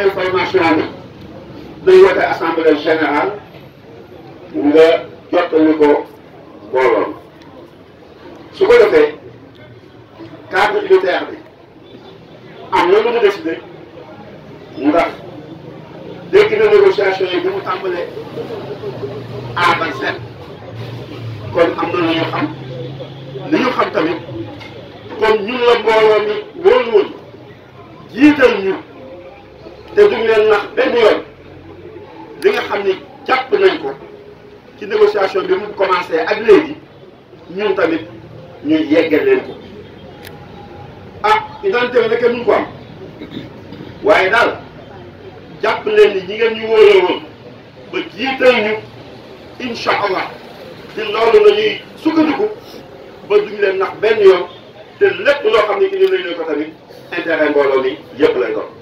information bi luy wote assemblée nga jottali ko mbooloon su ko defee cadre unitaire bi am na lu mu décidé ndax dégg na négociation yi bi mu tàmbalee à vingt sept kon am na lu ñu xam li tamit kon ñun la mbooloo mi wóolu woon jiital ñu te duñ leen nax benn yoon li nga xam ni jàpp nañ ko ci négociation bi mu commencé ak léegi ñun tamit ñuy yeggal leen ko ah identité bi nag mun ko am waaye daal jàpp leen ni ñi ngeen ñu wóoree woon ba jiital ñu incha allah ci loolu la ñuy sukkandiku ba duñ leen nax benn yoon te lépp loo xam ne ki nañ leen ko tamit intérêt mbooloo mi yëpp lay doon.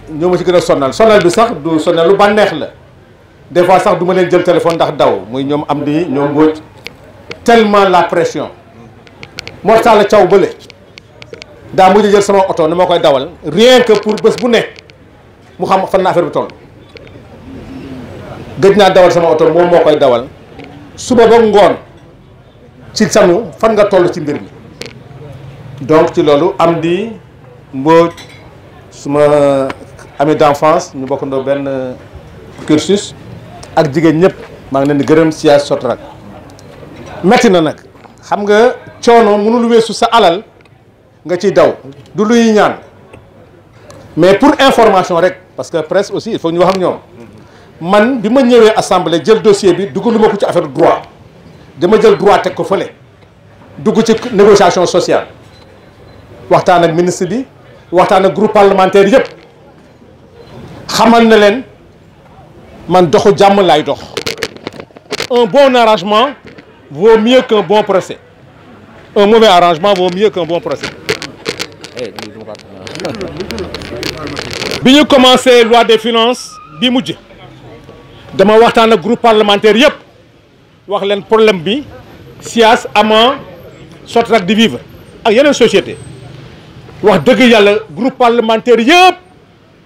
ñoo ma ci gën a sonal sonal bi sax du sonal lu bànneex la des fois sax duma ma leen jël téléphone ndax daw muy ñoom am di ñoom mbóot tellement la pression moo tax la ciow beulé da mu jël sama auto ni ma koy dawal rien que pour bëss bu nekk mu xam fan na affaire bi toll gëj naa dawal sama auto mom moo koy dawal suba ba ngone ci sanu fan nga toll ci mbir mi donc ci lolu am di mbóoj suma amis d'enfance ñu bokkandoo benn euh, cursus ak jigéen ñëpp maa ngi leen di gërëm sot Sotrac metti na nag xam nga coono mënul weesu sa alal nga ciy daw du luy ñaan mais pour information rek parce que presse aussi il faut ñu wax ak ñoom man bi ma ñëwee assemblée jël dossier bi dugaluma ko ci affaire droit dama jël droit teg ko fële dugg ci négociation sociale waxtaan ak ministre bi waxtaan ak groupe parlementaire yëpp. xamal na man doxu lay dox un bon arrangement vaut mieux qu'un bon procès un mauvais arrangement vaut mieux qu'un bon procès biñu commencer, commencé loi des finances bi mujjé dama waxtana groupe parlementaire yépp wax un problème bi SIAS ama SOTRAC de vivre ak yeneen société wax dëgg yàlla groupe parlementaire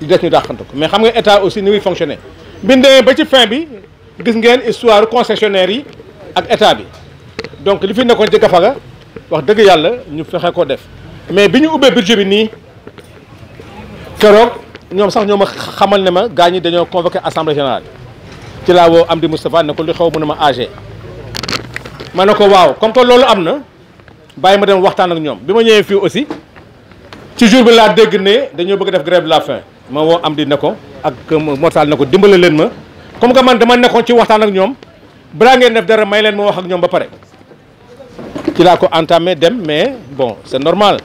il def ñu dàqante mais xam nga état aussi ni fonctionner Binde ba ci fin bi gis ngeen histoire concessionnaire yi ak état bi donc li fi nekkoon ci gafaga wax dëgg yàlla ñu fexe ko def mais bi ñu ubbee budget bi nii keroog ñoom sax ñoo ma xamal ne ma gaa ñi dañoo assemblée générale ci laa woo Amdi Moustapha ne ko li xaw mu ne ma AG ko waaw comme toi loolu am na bàyyi ma dem waxtaan ak ñoom bi ma ñëwee aussi ci jour bi laa dégg ne dañoo bëgg def grève la fin ma wo am di ne ak mortal nako dimbalé len ma comme que man dama nekkoon ci waxtan ak ñom bra ngeen def dara may len ma wax ak ñom ba paré ci la ko entamé dem mais bon c'est normal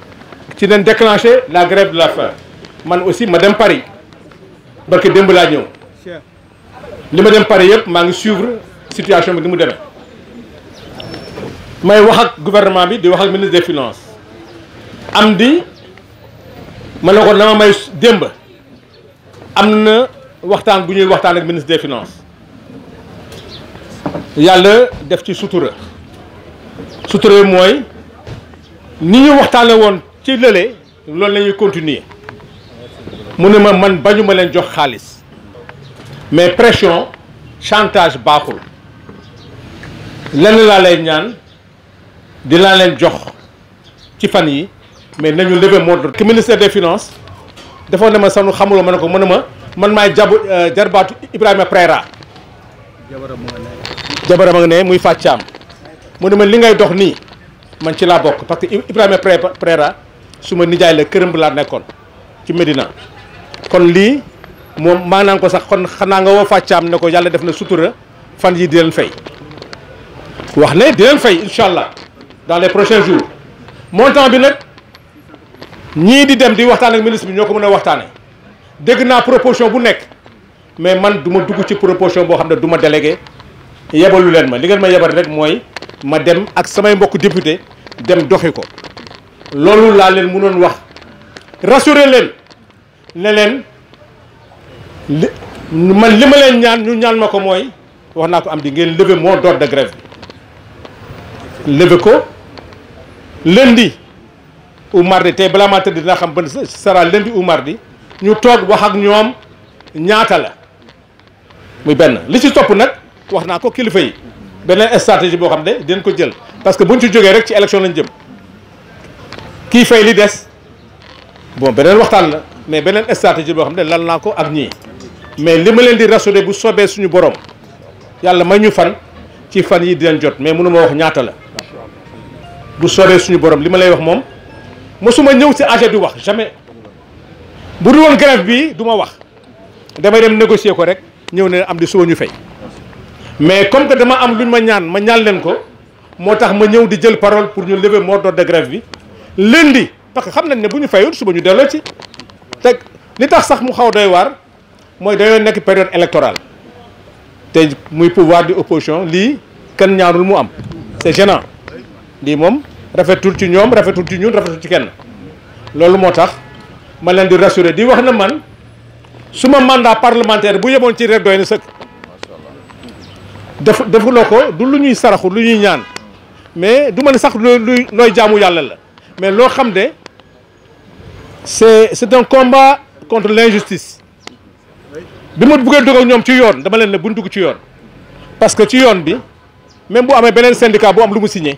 ci leen déclencher la grève de la faim man aussi ma dem Paris barke démb laa ñew li ma dem Paris yépp ma ngi suivre situation bi ni mu demee may wax ak gouvernement bi di wax ak ministre des finances am di ma ne ko dama may démb amna na waxtaan bu ñuy waxtaan ak ministre des finances yalla def ci sutura sutura moy ni ñu waxtaanee woon ci lele loolu lañuy continuer mu ne ma man bañuma ma leen jox xaalis mais pression chantage baaxul lenn laa lay ñaan dinaa leen jox ci fan yi mais nañu lever mot ministère des finances dafa ne ma sanu xamul ma ne ko mën ma man may jabu euh, jarbatu Ibrahima Prera. jabara a nga ne muy faccam mu ma li ngay dox ni man ci la bok parce que Ibrahima Prera suma nijaay la këram la nekkon ci Medina. kon li moom maanaam ko sax kon xana nga wo faccam ne ko yalla def na sutura fan yi di len fay wax ne di len fay inshallah dans les prochains jours montant bi nak ñii di dem di waxtaan ak ministre bi ñoo ko mën a waxtaane dégg naa proportion bu nekk mais man du ma dugg ci proposition boo xam ne du ma délégué yebalu leen ma li ngeen ma yebal rek mooy ma dem ak samay mbokk député dem doxi ko loolu laa leen mu mënoon wax rassuré leen ne leen li man li ma leen ñaan ñu ñaan ma ko mooy wax naa ko am di ngeen lever moo d'ordre de grève lever ko di ou mardi tey balaa maa tëdd dinaa xam ban sera lundi ou mardi ñu toog wax ak ñoom ñaata la mu benn li ci topp nag wax naa ko kilifa yi beneen stratégie boo xam ne den ko jël parce que buñ ci jógee rek ci élection lañ jëm kii fay li des bon beneen waxtaan la mais beneen stratégie boo xam ne lal naa ko ak ñii mais li ma leen di rassuré bu soobee suñu borom yàlla may ñu fan ci fan yi dinañ jot mais mënu ma wax ñaata la bu soobee suñu borom li ma lay wax moom sais pas si âgé du wax jamais bu dul grève bi on wax on négocier ko rek on ne am mais comme que dama am luñ ma ñaan ma je vais ko la parole pour nous lever mot de grève lundi parce que xam nañ ne fait ci li tax sax mu xaw doy période électorale Et pouvoir d'opposition, li ñaanul c'est gênant rafetul ci ñom rafetul ci ñun rafetul ci kenn loolu motax ma len di rassurer di wax na man suma mandat parlementaire bu yemoon ci rek doy seuk sëkk def defuloo du lu ñuy saraxu lu ñuy ñaan mais du ma sax luy looy jaamu yalla la mais lo xam de c'est c'est un combat contre l'injustice bima ma buggee dugg ak ñoom ci yoon dama len ne buñ dugg ci yoon parce que ci yoon bi même bu amé benen syndicat bu am lu mu signer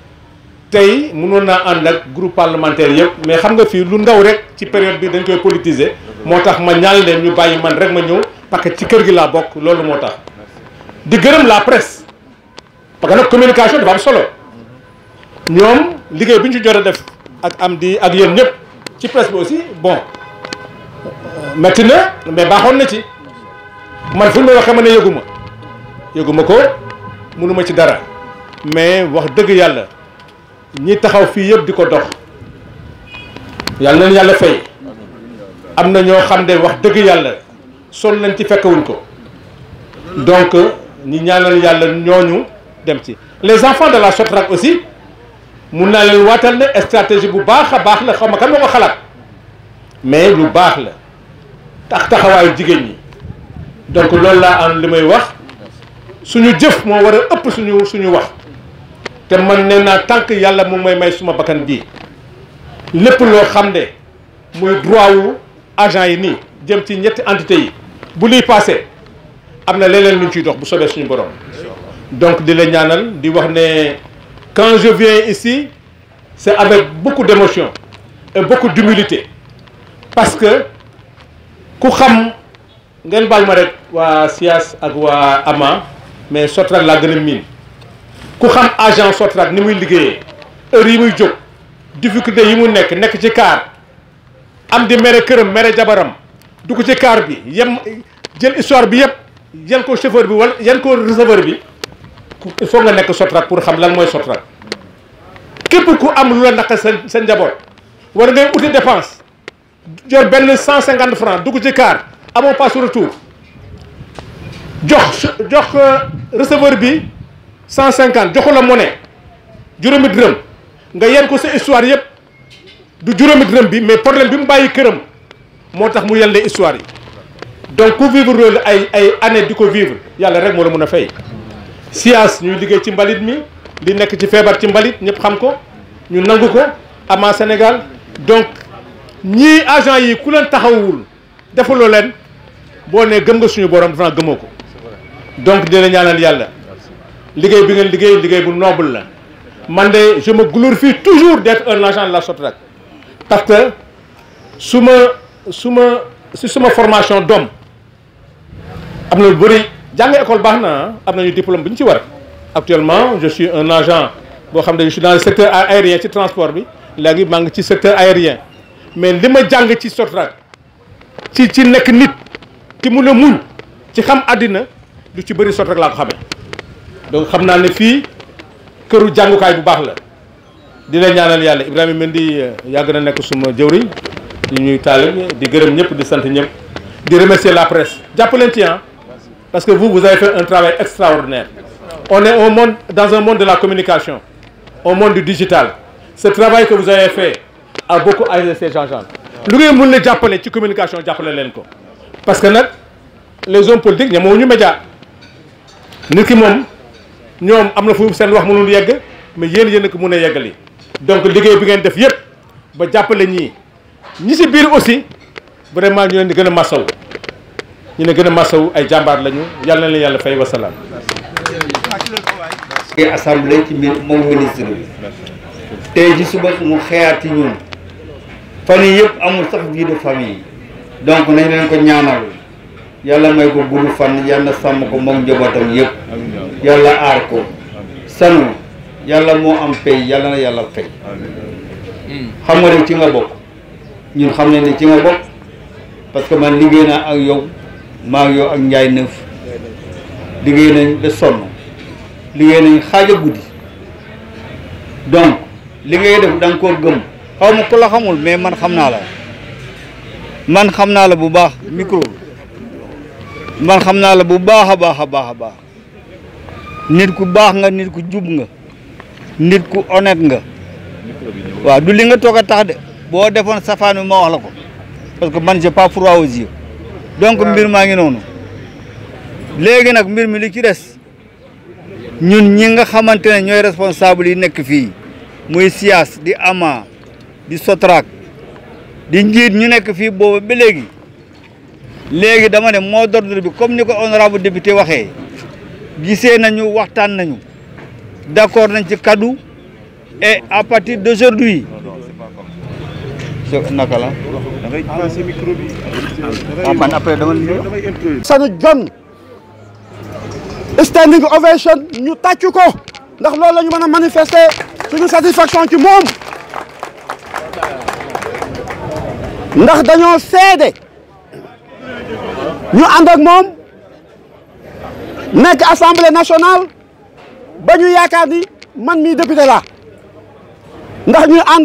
tey mënoon naa ànd ak groupe parlementaire yëpp mais xam nga fii lu ndaw rek ci période bi dañ koy politiser moo tax ma ñaan leen ñu bàyyi man rek ma ñëw parce que ci kër gi laa bokk loolu moo tax di gërëm la presse parce que nag communication dafa am solo ñoom liggéey bi ñu ci jot a def ak am di ak yéen ñëpp ci presse bi aussi bon métti na mais baaxoon na ci man fu ñu ma waxee ma ne yëguma yëguma ko mënuma ci dara mais wax dëgg yàlla ñi taxaw fi yëpp di ko dox yàlla nañu yàlla fay am na ñoo xam ne wax dëgg yàlla sol nañ ci fekkewuñ ko donc ñi ñaanal yàlla ñooñu dem ci les enfants de la SOTRAC aussi mun naa leen waatal ne stratégie bu baax a baax la xaw ma kan moo ko xalaat mais lu baax la tax taxawaayu jigéen ñi donc loolu laa am li may wax suñu jëf moo war a ëpp suñu suñu wax te man nee naa tant que yàlla moom mooy may suma bakkan bii lépp loo xam ne muy droit wu agent yi nii jëm ci ñetti entité yi bu luy passé am na leneen lu ñu ciy dox bu soobee suñu borom donc di la ñaanal di wax ne quand je viens ici c'est avec beaucoup d'émotion et beaucoup d'humilité parce que ku xam ngeen baal ma rek waa SIAS ak waa AMA mais Sotrac laa gën a miin ku xam agent Sotrac ni muy liggéeyee heure yi muy jóg difficulté yi mu nekk nekk ci kaar am di mere këram mere jabaram dugg ci kaar bi yem jël histoire bi yëpp yan ko chauffeur bi wala yan ko receveur bi il faut nga nekk Sotrac pour xam lan mooy Sotrac képp ku am lu la naqar sa sa njaboot war ngay uti dépense jor benn cent cinquante franc dugg ci kaar amoo passe retour jox jox receveur bi 150, je joxu la monnaie nga yenn ko sa histoire du mais problème bi mu bàyyi këram histoire donc ku vivre loolu ay ay année vivre yàlla rek moo la mën fay science ñuy liggéey ci mbalit mi li nekk ci feebar ci mbalit ñëpp xam ko ñu ko Sénégal donc ñii agent yi ku leen taxawul gëm nga suñu borom dafa donc liggéey bi ngeen liggéey liggéey bu noble la man de je me glorifie toujours d'être un agent de la SOTRAC parce que suma ma ma si suma formation d'homme, am na lu bëri jàng école baax na am diplôme buñ ci war actuellement je suis un agent bo xam je suis dans le secteur aérien ci transport bi léegi mang ci secteur aérien mais lima jang ci SOTRAC ci ci nek nit ki mun a muñ ci xam adina lu ci bëri SOTRAC la ko xamé donc xam naa ne fii këru de bu baax la di la ñaanal yàlla Ibrahima Mendy euh, yàgg na nekk suma jëwriñ di ñuy taalim di gërëm ñëpp di sant ñëpp di remercier la presse jàpp leen ah. parce que vous vous avez fait un travail extraordinaire on est au monde dans un monde de la communication au monde du digital ce travail que vous avez fait a beaucoup aidé ces gens Ce lu ngeen mën la jàppale ci communication jàppale leen ko parce que nag les hommes politiques ñamoo ñu média nit ki sommes ñoom am na fu seen wax mënul yegg mais yéen yéen a ko mën a yeggali donc liggéey bi ngeen def yëpp ba jàppale ñi ñi si biir aussi vraiment ñu leen di gën a masaw ñu ne gën a masaw ay jàmbaar lañu yàlla na leen yàlla fay wasalaam. assemblée ci moom ministre bi tey ji suba mu xeyaat ci ñun fan yi yëpp amul sax vie de famille donc nañ leen ko ñaanal. yàlla may ko gudd fan yàlla sàmm ko moom njabootam yëpp yàlla aar ko sanu yàlla moo am pay yàlla na yàlla fay xam nga ne ci nga bokk ñun xam nañ ne ci nga bokk parce que man liggéey naa ak yow maa ak yow ak njaay nëf liggéey nañ ba sonn liggéey nañ xaaja guddi donc li ngay def da nga koo gëm xaw ma ku la xamul mais man xam naa la man xam naa la bu baax micro man xamna la bu baakha baakha baakha a nirku nit ku baax nga nit ku djub nga nit ku honnête nga wa du li nga toga tax de bo defon ma wax la ko parce que man j'ai pas froid aux yeux donc mbir ma ngi noonu léegi nak mbir mi li ci dess ñun ñi nga xamantene ñoy responsable yi nek fi muy SIAS di ama di sotrak di njiit ñu nek fi bobu ba léegi dama ne mot d'ordre bi comme ni ko honorable député waxee gisee nañu waxtaan nañu d'accord nañ ci kaddu et à partir d'aujourd'hui naka la ah, man après dama Sani standing ovation ñu tàcc ko ndax loolu la ñu mën a manifester suñu satisfaction ci moom ndax dañoo seede Nous avons, ak assemblée nationale Nous ñu ni man député la ndax ñu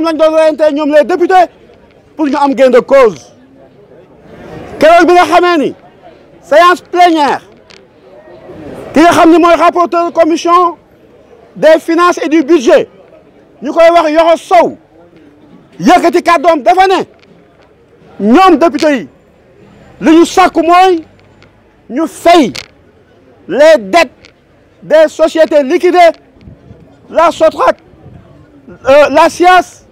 ma les députés pour ñu am de cause bi nga séance plénière ki nga xamni rapporteur commission des finances et du budget Nous wax il y a dafa ne ñoom député yi li ñu sàkku mooy ñu fay les dettes des sociétés liquidées la Sotrac euh, la SIAS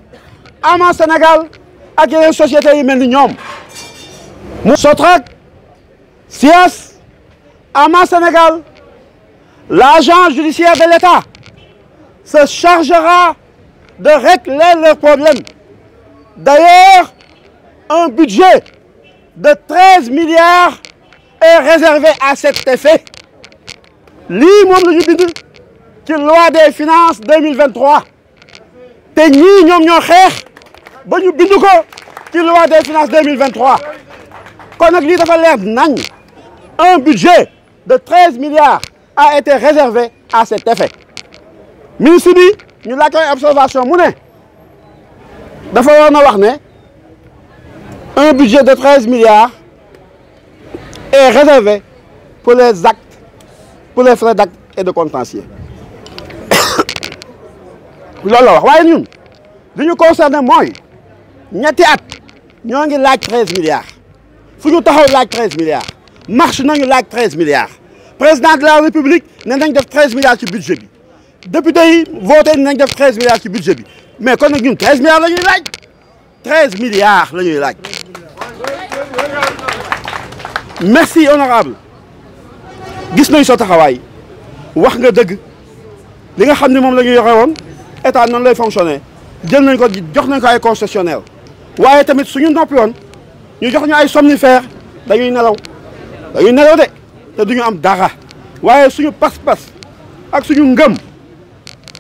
Ama Sénégal ak les sociétés yi mel ni ñoom mu Sotrac SIAS Ama Sénégal l'agent judiciaire de l'État se chargera de régler leurs problèmes D'ailleurs, un budget de 13 milliards est réservé à cet effet. L'immobilier qui la loi des finances 2023 est ñii ñoom loi des finances 2023 un budget de 13 milliards a été réservé à cet effet ministre bi ñu observation dafa on a né un budget de 13 milliards est réservé pour les actes pour les frais d'actes et de contentieux lolo wax nous, ñun nous ñu concerné moy ñetti at laaj 13 milliards Nous avons taxaw laaj 13 milliards marche nañu 13 milliards président de la république né avons 13 milliards le budget député yi voté nañ 13 milliards ci budget mais kon ñun 13 milliards lañuy laaj 13 milliards laaj merci honorable gis nañ vous taxaway wax nga dëgg li nga état lay fonctionner jël nañ ko jox nañ ko ay concessionnaire tamit suñu ñu jox ñu ay somnifère dañuy dañuy duñu am suñu ak suñu ngëm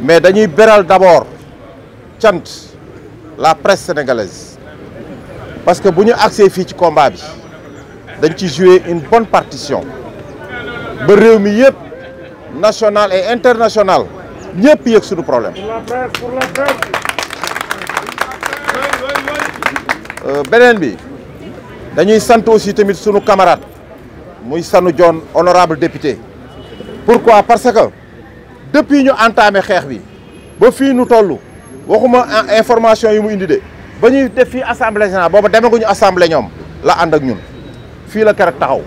mais nous beral d'abord cant la presse sénégalaise parce que si nous accès fii ci combat nous dañ jouer une bonne partition ba devons mi national et international ñëpp sur le problème euh, B, bi dañuy sant aussi tamit camarades. camarade muy sanu John honorable député pourquoi parce que depuis ñu entamer xex bi ba fi nu tollu waxuma information yi mu indi de ba ñuy def fi assemblée générale booba guñu assemblée ñom la and ak ñun fi la keroog taxaw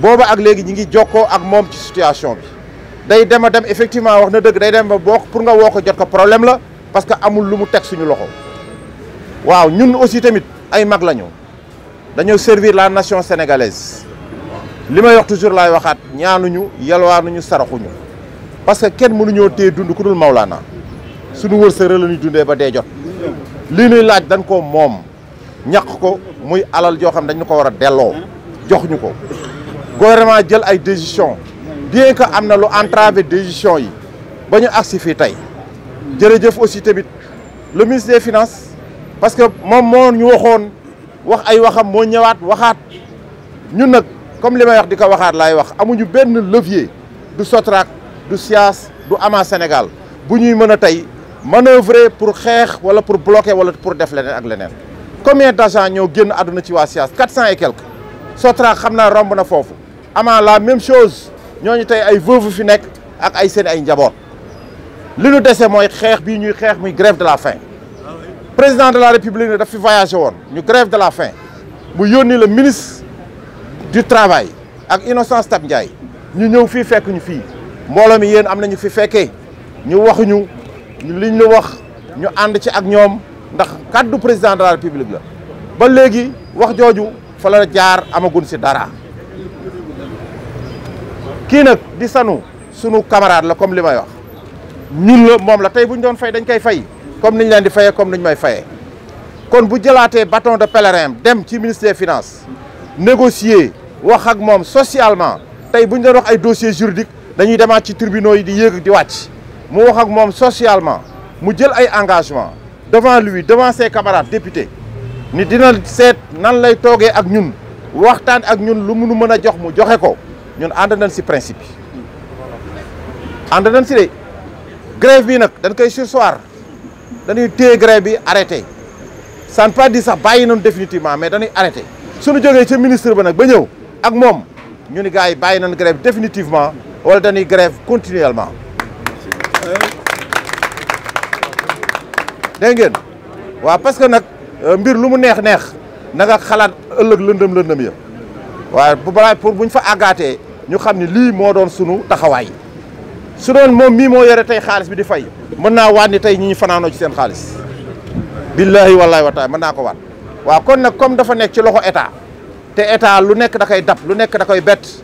bobu ak légui ñi ngi jokkoo ak mom ci situation bi day dem a dem effectivement wax na dëgg day dem ba boo pour nga woo jot ko problème la parce que amul lu mu teg suñu loxo waaw ñun aussi tamit ay mag lañu dañu servir la nation sénégalaise limay wax toujours lay waxat ñaanuñu yalwaanuñu saraxuñu parce que kenn mënuñoo téye dund ku dul Maulana suñu wërsëg la ñuy dundee ba dee jot lii ñuy laaj dañ ko moom ñàq ko muy alal joo xam dañu ko war a delloo jox ñu ko gouvernement jël ay décision bien que am na lu entravé décision yi ba ñu agsi fii tey jërëjëf aussi tamit le ministre des finance parce que moom moo ñu waxoon wax ay waxam moo ñëwaat waxaat ñun nag comme li may wax di ko waxaat laay wax amuñu benn levier du Sotrac du SIAS du AMA Sénégal bu ñuy mën a manœuvrer pour xeex wala pour bloquer wala pour def leneen ak leneen combien d'agents ñoo génn àdduna ci waa SIAS 400 et quelques Sotra xam naa romb na foofu AMA la même chose ñooñu tey ay veuve fi nekk ak ay seen ay njaboot li ñu dese mooy xeex bii ñuy xeex muy grève de la faim président de la république ne daf fi voyagé woon ñu grève de la faim mu yónni le ministre du travail ak Innocence Ntap Ndiaye ñu ñëw fii fekk ñu fii mbooloo mi yéen am nañu fi fekkee ñu waxuñu liñ la wax ñu ànd ci ak ñoom ndax kàddu président de la république la ba léegi wax jooju fa la jaar amagun si dara kii nag di sanu sunu camarade la comme li may wax ñun la moom la tey bu ñu doon fay dañ koy fay comme ñu leen di fayee comme niñ may fayee kon bu jëlaatee baton de pèlerin dem ci ministère finance finances négocier wax ak moom socialement tey bu ñu doon wax ay dossier juridique Nous avons ci tribunaux yi di di socialement mu jël engagement devant lui devant ses camarades députés ni dina seet nan lay toogee ak ñun waxtaan ak ñun lu Nous jox mu joxe ko ñun ànd nañ si principe yi nañ si de grève bi nag dañ koy dañuy grève ça ne pas dire définitivement mais dañuy arrêté suñu jógee ca ministre ba nag ba ak définitivement wala dañuy grève continuellement dégg ngeen waaw parce que nag euh, mbir lu mu neex neex na nga xalaat ëllëg lëndëm lëndëm ya waaye bu balaa pour ñu fa àggaatee ñu xam ne lii moo doon sunu taxawaay su doon moom mii moo yore tey xaalis bi di fay mën naa waat ni tey ñi ñu fanaanoo ci seen xaalis billaahi wallaahi wa taala mën naa ko waat waaw kon nag comme dafa nekk ci loxo état te état lu nekk da koy dab lu nekk da koy bett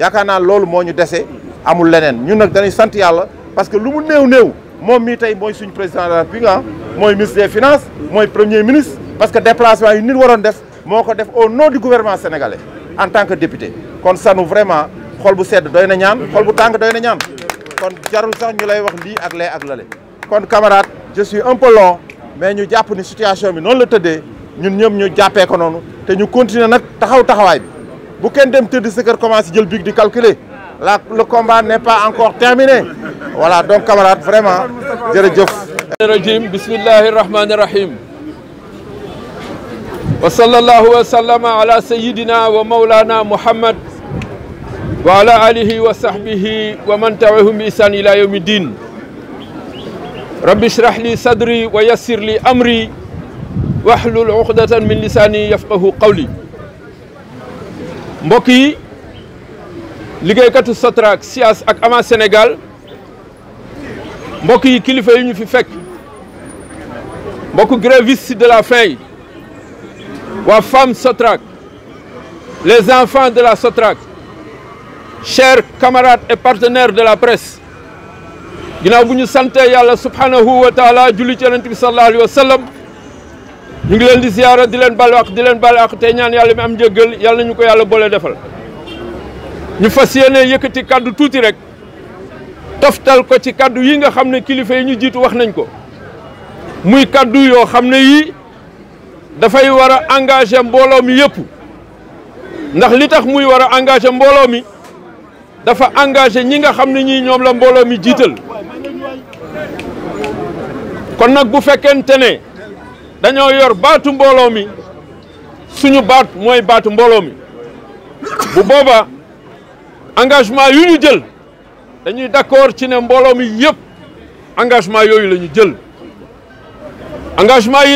yakana lolou moñu déssé amul leneen ñun nak dañuy sant yalla parce que lu mu néw néew moom mii tey mooy suñu président de la République ah, moy ministre des finances moy premier ministre parce que déplacement yu nit waron def moko def au nom du gouvernement sénégalais en tant que député kon nous vraiment xol bu sedd doyna ñaan xol bu tàng doyna ñaan kon jarul sax ñu lay wax li ak lay ak lale kon camarade je suis un peu long mais ñu japp ni situation bi non la teudé ñun ñëm ñu jappé ko nonu té ñu continuer nak taxaw taxaway bi bu kenn dem tëdd sa kër commencé calculer le combat n'est pas encore terminé voilà donc camarades vraiment jërëjëf rajim bismillahi rahmani wa sallallahu wa sallama ala sayidina wa maulana muhammad wa ala alihi wa sahbihi wa man tabi'ahum bi ihsan ila yawmi rabbi ishrah li sadri wa yassir li amri hlul uqdatan min lisani yafqahu qawli mbokk yi de Sotrac SIAS et Ama Sénégal mbokk yi lui fait ñu fi de la faim Wa femme Sotrac les enfants de la Sotrak, chers camarades et partenaires de la presse ginnaaw bu Santé, sante subhanahu wa taala julli ci sallallahu alayhi wa sallam ñu ngi leen di ziara di leen balu ak di leen balu ak tey ñaan yàlla mi am njëggal yàlla nañu ko yàlla boole defal ñu fas yéene yëkkati tuuti rek toftal ko ci kàddu yi nga xam ne kilifa yi ñu jiitu wax nañ ko muy kàddu yoo xam ne yii dafay war a engagé mi yëpp ndax li tax muy war a engagé mi dafa engagé ñi nga xam ne ñii ñoom la mbooloo mi jiital kon nag bu fekkente dañoo yor baatu mbooloo mi suñu baat mooy baatu mbooloo mi bu engagement yu jël dañuy d'accord ci ne mi engagement engagement yi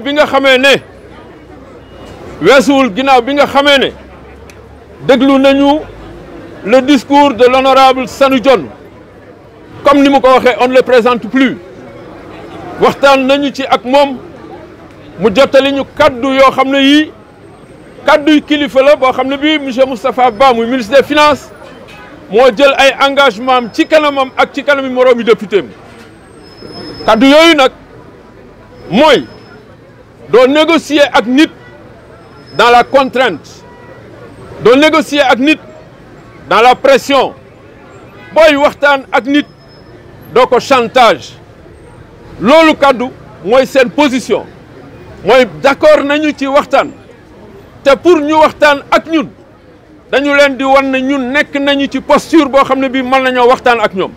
bi nga le discours de l'honorable Sanu John. comme ni mu ko on ne le présente plus waxtaan nañu ci ak moom mu jottali kaddu yoo xam ne yii kilifa la boo xam ne monsieur Moustapha Ba ministre des finances moo jël ay engagement ci kanamam ak ci kanami moroomi député kaddu négocier ak nit dans la contrainte doo négocier ak nit dans la pression booy waxtaan ak nit ko chantage loolu kaddu moy une position sommes d'accord nañu ci waxtan té pour ñu waxtan ak ñun dañu leen di won né ñun nekk nañu ci posture nous. xamné ne nous. mën nañoo ak ñoom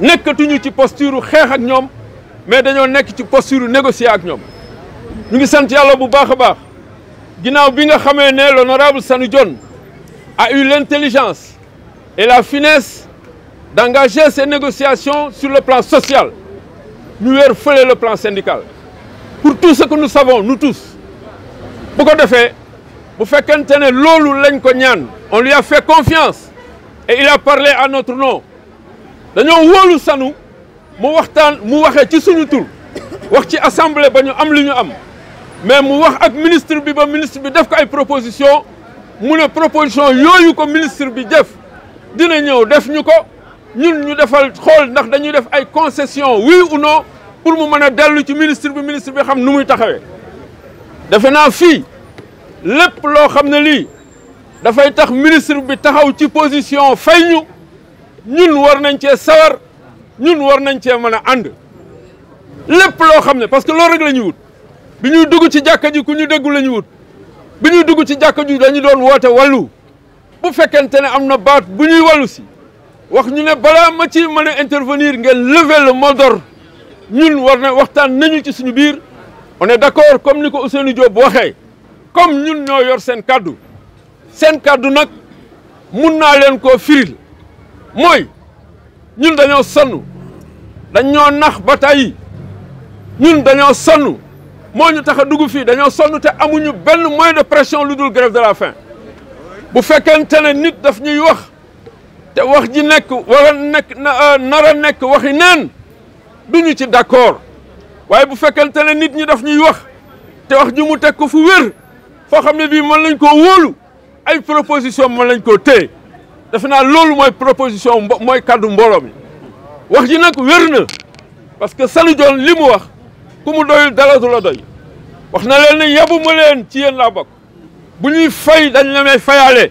nekkatuñu ci posture nous ak ñom mais que nekk ci posture négocier ak ñom ñu ngi sant yalla bu nous baax bi nga l'honorable Sanu a eu l'intelligence et la finesse d'engager ces négociations sur le plan social nous avons le plan syndical pour tout ce que nous savons nous tous pourquoi de fait bu fekkente lolo on lui a fait confiance et il a parlé à notre nom avons wolu sanu nous avons am mais mu wax le ministre bi ba ministre bi def ko ay proposition mu proposition ministre nous devons faire une concession, oui ou non, pour que le devons ministre du ministre de l'Ontario. Je suis ici, tout ce que je le ministre de l'Ontario position de nous devons savoir, nous devons faire Tout ce que parce que c'est ce nous devons faire. Si nous devons faire des choses, nous devons faire des choses. nous devons faire des choses, nous devons faire des choses. nous devons faire des choses, nous devons faire des choses. Nous avons dit intervenir nous lever le mot ñun war nous on est d'accord comme nous ko nous Diop comme ñun ñoo nous C'est kàddu cadeau. kàddu dire nous. nous devons Nous firil nous. ñun Nous devons dañoo nous. dire Nous devons sonn de nous. tax a Nous fii de pression de grève de la faim Vous faites ne nit de te wax ji nekk war a nekk euh, nar a nekk waxi neen duñu ci d'accord waaye bu fekkente ne nit ñi def ñuy wax te wax ji mu teg ko fu wér foo xam ne bii mën lañ ko wóolu ay proposition mën lañ koo téye defe naa loolu mooy proposition mbo mooy kàddu mbooloo mi wax ji nag wér na parce que Saly li mu wax ku mu doyul dara du la doy wax na leen ne yabu ma leen ci yéen laa bokk bu ñuy fay dañ la may fayalee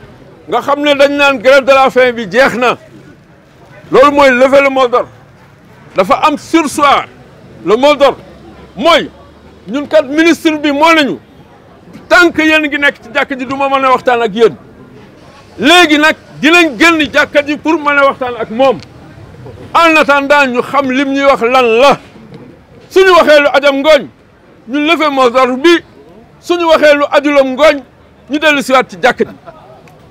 nga xam ne dañ naan grève de la faim bi jeex na loolu mooy lever le mot d'ordre dafa am surseoir le mot mooy ñun kat ministre bi moo nañu tant que yéen ngi nekk ci jàkk ji du ma mën a waxtaan ak yéen léegi nag dinañ génn jàkka ji pour mën a waxtaan ak moom en attendant ñu xam lim ñuy wax lan la suñu waxee lu ajam ngooñ ñu lever mot bi suñu waxeelu lu ajulam ngooñ ñu dellu siwaat ci jàkk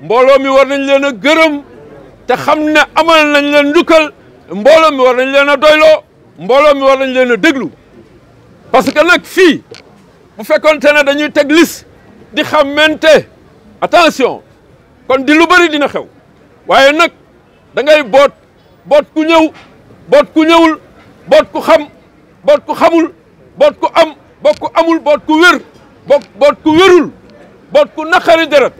mbooloo mi war nañ leen a gërëm te xam ne amal nañ leen njukkal mbooloo mi war nañ leen a doyloo mbooloo mi war nañ leen a déglu parce que nag fii bu fekkoonte ne dañuy teg lis di xamante attention kon di lu bëri dina xew waaye nag da ngay boot boot ku ñëw boot ku ñëwul boot ku xam boot ku xamul boot ku am boot ku amul boot ku wér boot boot ku wérul boot ku naqari deret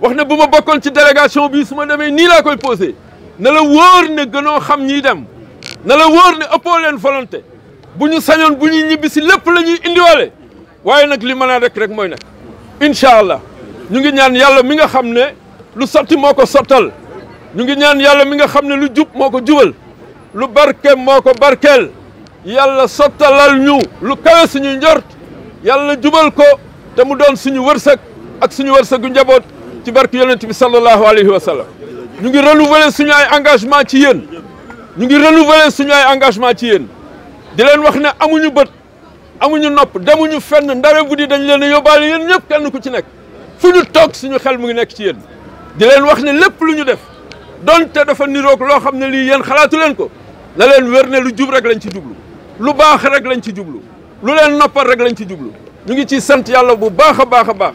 wax buma bu ma bokkoon ci délégation bi su ma demee nii koy posé na la wóor ne gënoo xam ñiy dem na la wóor ne ëppoo leen volonté bu ñu sañoon bu ñuy ñibbi si lépp la ñuy indiwaale waaye nag li mën a rek rek mooy nag incha ñu ngi ñaan yàlla mi nga xam lu sotti moo ko sottal ñu ngi ñaan yàlla mi nga xam lu jub ko jubal lu barke moo ko barkeel yàlla ñu lu suñu jubal ko mu doon suñu ak suñu ci barke yonent bi sallallahu alayhi wa sallam ñu ngi renouveler suñu ay engagement ci yéen ñu ngi renouveler suñu ay engagement ci yéen di leen wax ne amuñu bët amuñu nopp demuñu fenn ndare bu di dañ leen a yóbbaale yéen ñëpp kenn ku ci nekk fu ñu toog suñu xel mu ngi nekk ci yéen di leen wax ne lépp lu ñu def donte dafa niroog loo xam ne lii yéen xalaatu leen ko na leen wér ne lu jub rek lañ ci jublu lu baax rek lañ ci jublu lu leen noppal rek lañ ci jublu ñu ngi ciy sant yàlla bu baax a baax a baax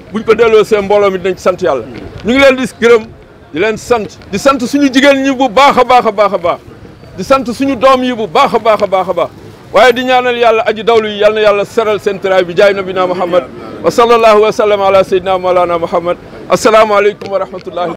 bu buñ ko delloo seen mbooloo mi dinañ sant yàlla ñu ngi leen di gërëm di leen sant di sant suñu jigéen ñi bu baax a baax a baax a baax di sant suñu doom yi bu baax a baax a baax a baax waaye di ñaanal yàlla aji dawlu yi yal na yàlla seral seen taraay bi jaay nabi naa muhammad wa sallallahu wa sallam ala ma mawlana muhammad asalaamaaleykum wa rahmatullahi